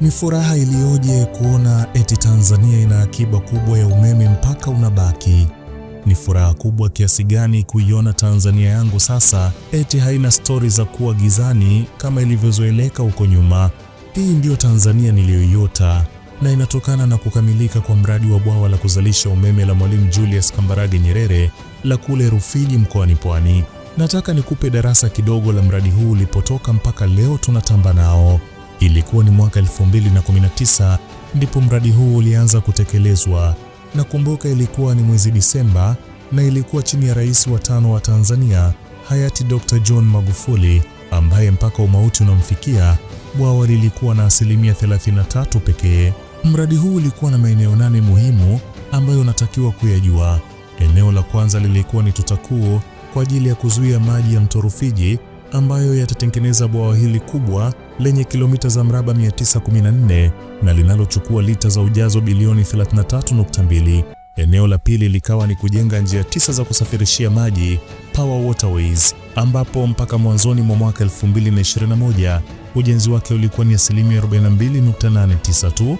Ni furaha iliyoje kuona eti Tanzania ina akiba kubwa ya umeme mpaka unabaki. Ni furaha kubwa kiasi gani kuiona Tanzania yangu sasa eti haina stori za kuwa gizani kama ilivyozoeleka huko nyuma. Hii ndiyo Tanzania niliyoiota na inatokana na kukamilika kwa mradi wa bwawa la kuzalisha umeme la Mwalimu Julius Kambarage Nyerere la kule Rufiji mkoani Pwani. Nataka nikupe darasa kidogo la mradi huu ulipotoka mpaka leo tunatamba nao. Ilikuwa ni mwaka 2019 ndipo mradi huu ulianza kutekelezwa. Nakumbuka ilikuwa ni mwezi Disemba na ilikuwa chini ya rais wa tano wa Tanzania hayati Dr. John Magufuli ambaye mpaka umauti unamfikia bwawa lilikuwa na asilimia 33 pekee. Mradi huu ulikuwa na maeneo nane muhimu ambayo unatakiwa kuyajua. Eneo la kwanza lilikuwa ni tuta kuu kwa ajili ya kuzuia maji ya mto Rufiji ambayo yatatengeneza bwawa hili kubwa lenye kilomita za mraba 914 na linalochukua lita za ujazo bilioni 33.2. Eneo la pili likawa ni kujenga njia tisa za kusafirishia maji power waterways, ambapo mpaka mwanzoni mwa mwaka 2021 ujenzi wake ulikuwa ni asilimia 42.89 tu.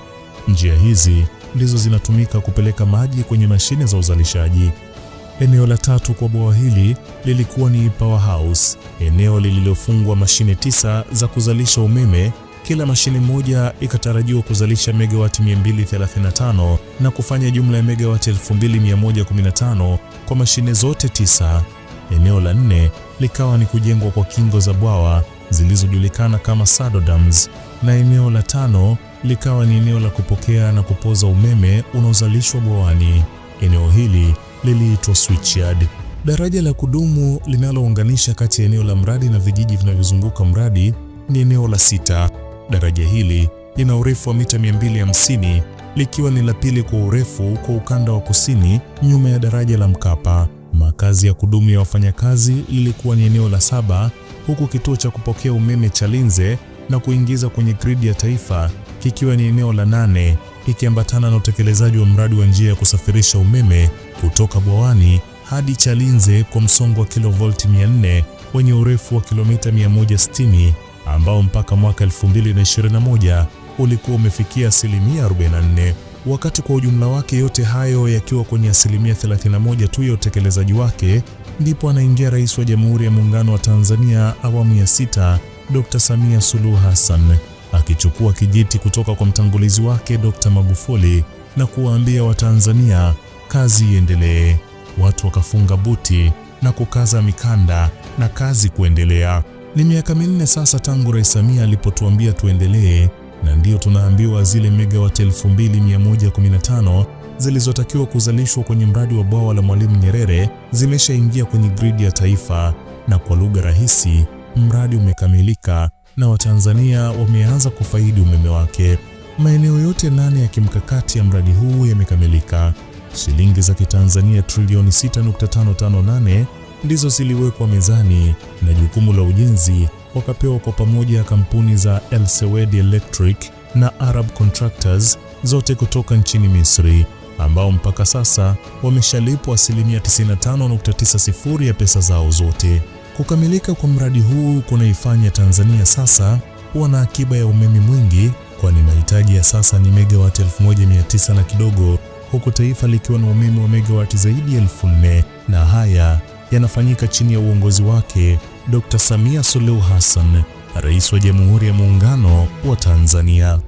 Njia hizi ndizo zinatumika kupeleka maji kwenye mashine za uzalishaji Eneo la tatu kwa bwawa hili lilikuwa ni powerhouse, eneo lililofungwa mashine tisa za kuzalisha umeme. Kila mashine moja ikatarajiwa kuzalisha megawati 235 na kufanya jumla ya megawati 2115 kwa mashine zote tisa. Eneo la nne likawa ni kujengwa kwa kingo za bwawa zilizojulikana kama saddle dams, na eneo la tano likawa ni eneo la kupokea na kupoza umeme unaozalishwa bwawani. Eneo hili liliitwa Switchyard. Daraja la kudumu linalounganisha kati ya eneo la mradi na vijiji vinavyozunguka mradi ni eneo la sita. Daraja hili lina urefu wa mita 250 likiwa ni la pili kwa urefu kwa ukanda wa kusini nyuma ya daraja la Mkapa. Makazi ya kudumu ya wafanyakazi lilikuwa ni eneo la saba, huku kituo cha kupokea umeme cha Linze na kuingiza kwenye gridi ya taifa kikiwa ni eneo la nane ikiambatana na utekelezaji wa mradi wa njia ya kusafirisha umeme kutoka Bwawani hadi Chalinze kwa msongo wa kilovolti 400 wenye urefu wa kilomita 160 ambao mpaka mwaka 2021 ulikuwa umefikia asilimia 44, wakati kwa ujumla wake yote hayo yakiwa kwenye asilimia 31 tu ya utekelezaji wake, ndipo anaingia Rais wa Jamhuri ya Muungano wa Tanzania awamu ya sita, Dr. Samia Suluhu Hassan akichukua kijiti kutoka kwa mtangulizi wake Dr. Magufuli na kuwaambia Watanzania kazi iendelee. Watu wakafunga buti na kukaza mikanda na kazi kuendelea. Ni miaka minne sasa tangu Rais Samia alipotuambia tuendelee, na ndiyo tunaambiwa zile megawati 2115 zilizotakiwa kuzalishwa kwenye mradi wa bwawa la Mwalimu Nyerere zimeshaingia kwenye gridi ya taifa, na kwa lugha rahisi, mradi umekamilika na Watanzania wameanza kufaidi umeme wake. Maeneo yote nane ya kimkakati ya mradi huu yamekamilika. Shilingi za Kitanzania trilioni 6.558 ndizo ziliwekwa mezani na jukumu la ujenzi wakapewa kwa pamoja kampuni za El Electric na Arab Contractors zote kutoka nchini Misri ambao mpaka sasa wameshalipwa asilimia 95.90 ya pesa zao zote. Kukamilika kwa mradi huu kunaifanya Tanzania sasa kuwa na akiba ya umeme mwingi, kwani mahitaji ya sasa ni megawati 1900 na kidogo, huku taifa likiwa na umeme wa megawati zaidi ya 4000, na haya yanafanyika chini ya uongozi wake Dr. Samia Suluhu Hassan, Rais wa Jamhuri ya Muungano wa Tanzania.